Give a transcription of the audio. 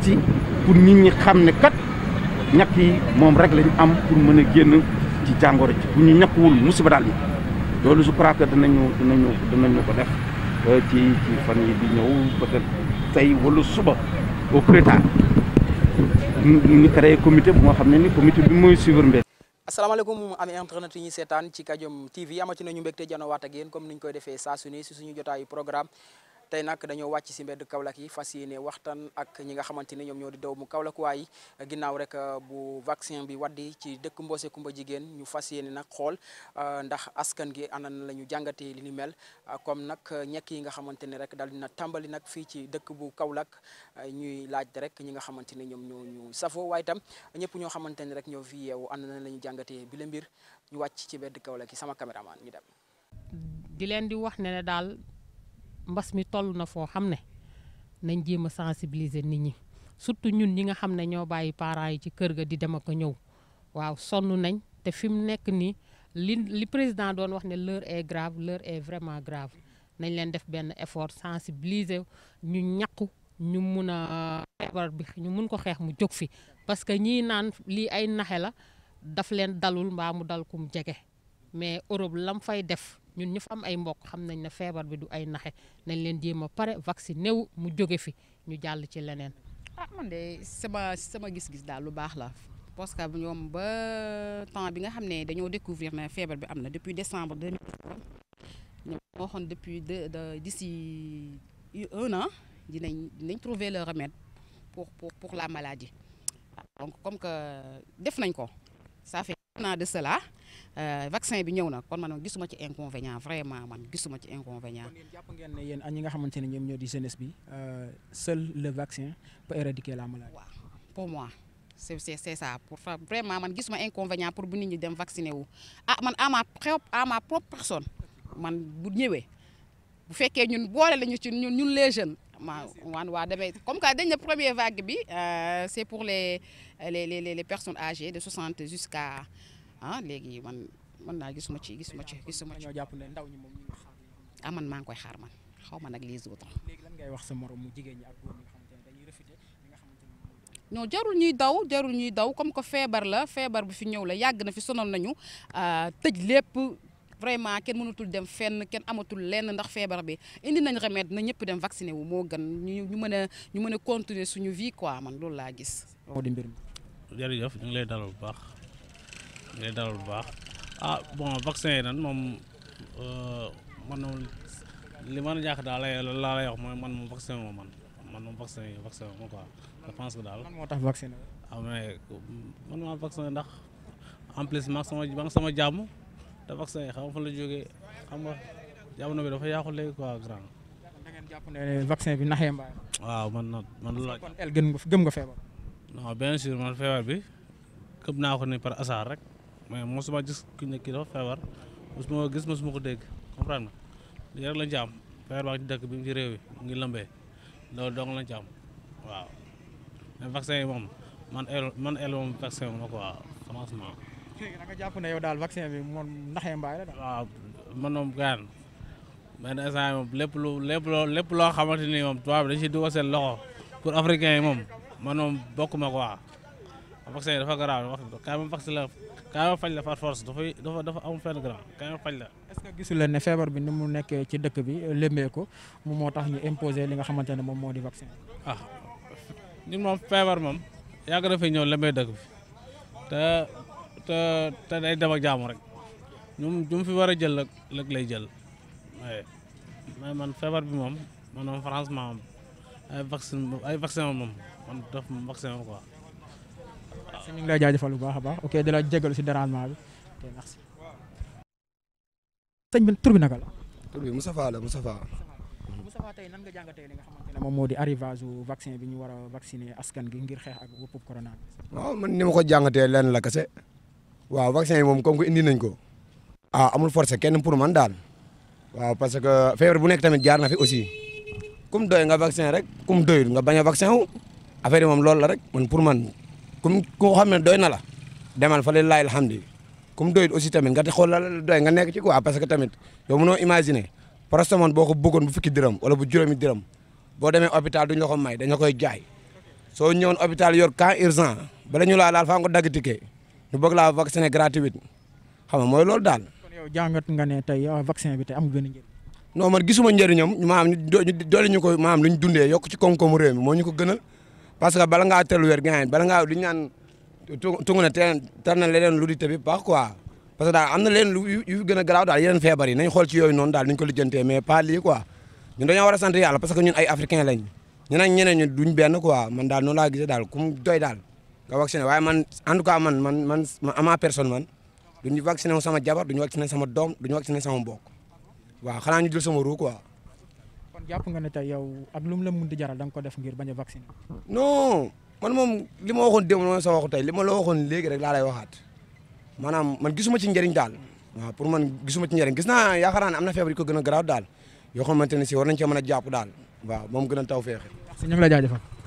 wax pour nit ñi xam ne kat ñàkk moom rek lañ am pour mën a génn ci jàngoro ji yi loolu je crois que danañu danañu danañu ko def euh, ci ci fan yi di ñëw peut-être tey wala suba au plus tard ñu créé comité bu nga xam ne ni comité bi mooy suivre mbir asalaamaaleykum am a yi ñuy seetaan ci Kadiom TV amati nañu mbégte janowaat ak yéen comme ni ñu koy defee saa su si suñu jotaayu programme tey nag dañoo wàcc si mbedd Kaolack yi fas ne waxtaan ak ñi nga xamante ni ñoom ñoo di doomu Kaolack waay ginnaaw rek euh, bu vaccin bi waddi ci dëkk Mbossé Kumba jigéen ñu fas yéene nag xool euh, ndax askan gi ana na la ñu jàngatee li ni mel euh, comme nag ñekk yi nga xamante ne rek daal dina tàmbali nag fii ci dëkk bu Kaolack ñuy laaj rek ñi nga xamante ne ñoom ñoo ñu safoo waaye itam ñëpp ñoo xamante ne rek ñoo fi yeewu la ñu jàngatee bi mbir ñu wàcc ci mbedd Kaolack yi sama caméraman ñu dem. di leen di wax ne daal. mbas mi toll na foo xam ne nañ jéem a sensibiliser nit ñi surtout ñun ñi nga xam ne ñoo bàyyi parent yi ci kër ga di dem ak a ñëw waaw sonn nañ te fi mu nekk nii li li président doon wax ne l'heure est grave l'heure est vraiment grave nañ leen def benn effort sensibiliser ñu ñakku ñu mun a feebar bi ñu mun ko xeex mu jóg fi parce que ñii naan lii ay naxe la daf leen dalul mbaa mu dal mu jege mais Europe la mu fay def ñun ñu fa am ay mbokk xam nañ ne feebar bi du ay naxe nañ leen jéem a pare vacciné néew mu jóge fi ñu jàll ci leneen. ah man de sama sama gis-gis daal lu baax la parce que ñoom ba temps bi nga xam ne dañoo découvrir ne feebar bi am na depuis décembre 2019 ñoom moo waxoon depuis de d'ici un an dinañ dinañ trouver le remède pour pour pour la maladie ah, donc comme que def nañ ko ça fait un de cela. Euh, vaccin bi ñëw na kon man gisuma ci inconvénient vraiment man gisuma ci inconvénient. kon yéen jàpp ngeen ne ñi nga xamante ne ñoom ñoo di jeunesse bi euh, seul le vaccin peut éradiquer la maladie. pour moi. c' est c' est ça vraiment man gisuma inconvénient pour bu nit ñi dem vacciné wu ah man à ma à ma propre personne man bu ñëwee bu fekkee ñun boole la ñu ci ñun ñun les jeunes ma wan waa demee comme que dañ ne première vague bi euh, c' est pour les les les les personnes âgées de 60 jusqu'à ah léegi man man naa gisuma ci gisuma ci gisuma ci. ah man maa ngi koy xaar man xaw ma nag les autres. léegi lan ngay wax sa moromu jigéen ak góor ñi nga xamante jarul ñuy daw jarul ñuy daw comme que feebar la feebar bu fi ñëw la yàgg na fi sonal nañu ah, tëj lépp vraiment kenn mënatul dem fenn kenn amatul lenn ndax feebar bi indi nañ remède na ñëpp dem vacciné wu moo gën ñu ñu mën ñu mën a continuer suñu vie quoi man loolu laa gis. jërëjëf ñu ngi lay dalal bu baax. lay dalal bu baax ah bon vaccin yi nag moom euh, man li man jàkk daal lay laa mooy man moom vaccin moo man man moom vaccin yi vaccin moo quoi je pense que daal. man moo tax vaccin ah mais ndax en plus ma sama jàmm te vaccin yi xam nga fan la xam nga jamono bi dafa yàqu léegi quoi grand. da vaccin bi nax mbaay. waaw man na man la. kon el nga gëm feebar. bi këpp naa ko ni par hasard rek. mais mosuma gis ku ne kii dafa feebar mosuma ko gis ko dégg comprendre nga lii rek lañ ci am feebar dëkk bi ci réew yi mu ngi lëmbee loolu dong lañ ci waaw mais vaccin yi moom man el man el moom vaccin moom la quoi franchement. da bi moom ndaxee mbaay ma daal. waaw man moom gaan benn loo lépp loo dañ si dugal seen loxo pour africain yi moom man moom bokk ma quoi. vaccin dafa garaaw wax kaay ma vaccin la kaay ma faj la par force dafa dafa amul fenn garaaw kaay ma faj la. est-ce que gisu leen ne feebar bi ni mu nekkee ci dëkk bi lëmbee ko moom moo tax ñu imposer li nga xamante ne moom moo di vaccin. ah ñun feebar moom yàgg na ñëw lëmbee dëkk bi te te te day dem jaamu rek ñun ñu fi war a jël lëg lay jël waaye mais man feebar bi moom man moom franchement ay vaccin ay vaccin moom man daf vaccin quoi. ñu ngi lay a baax ok di la jégalu si dérangement bi ok merci. sëñ bi tur bi naka la. tur tey nan nga jàngatee li ne moom moo di arrivage vaccin bi ñu war a vacciner askan gi ngir xeex ak wóppub corona. waaw man ni ma ko jàngatee lenn la kese. waaw vaccin yi moom comme que indi nañ ko. ah amul forcé kenn pour man daal. waaw parce que feebar bu nekk tamit jaar na fi aussi. kum doy nga vaccin rek kum doyul nga bañ a vaccin wu. affaire yi moom loolu la rek man pour man comme koo xam ne doy na la demal fa lillahi alhamdi comme doyul aussi tamit nga te xool la doy nga nekk ci quoi parce que tamit yow mënoo imaginer paracétamol boo ko bëggoon bu fukki dërëm wala bu juróomi dërëm boo demee hôpital duñ la ko dañ la koy jaay soo ñëwoon hôpital yor cas urgent bala ñu laa laal faa nga dagg ticket loolu daal. kon yow jàngat nga ne tey ah, vaccin bi tey amul benn njëriñ. non man ko maanaam lu ñu dundee yokk ci koom-koomu réew mi moo ñu ko gënal. parce que bala ngaa teel wér gain bala ngaa du ñu naan tungu na teel na leneen lu di tëbi baax quoi parce que daal am na leen lu yu gën a garaaw daal yeneen feebar yi nañ xool ci yooyu noonu daal nuñ ko lijjantee mais pas lii quoi ñun dañoo war a sant yàlla parce que ñun ay africain lañ ñun ak ñeneen ñu duñ benn quoi man daal noonu laa gisee daal ku mu doy daal nga vacciné waaye man en tout cas man man man ama personne man duñu vacciné sama jabar duñu vacciné sama doom duñu vacciné sama mbokk waaw xanaa ñu jël sama ruu quoi kon jàpp nga ne tey yow ak lu mu la munti jaral da nga ko def ngiir bañ a vacciner. non man moom li ma waxoon démb mooy sa waxu tey li ma la waxoon léegi rek laa lay waxaat maanaam man gisuma ci njariñ daal waaw pour man gisuma ci njëriñ gis naa yaakaar naa am na feebar yu ko gën a garaaw daal yoo xamante ne si war nañ cee mën a jàpp daal waaw moom gën a taw feexe. ñu ngi la jaajëfal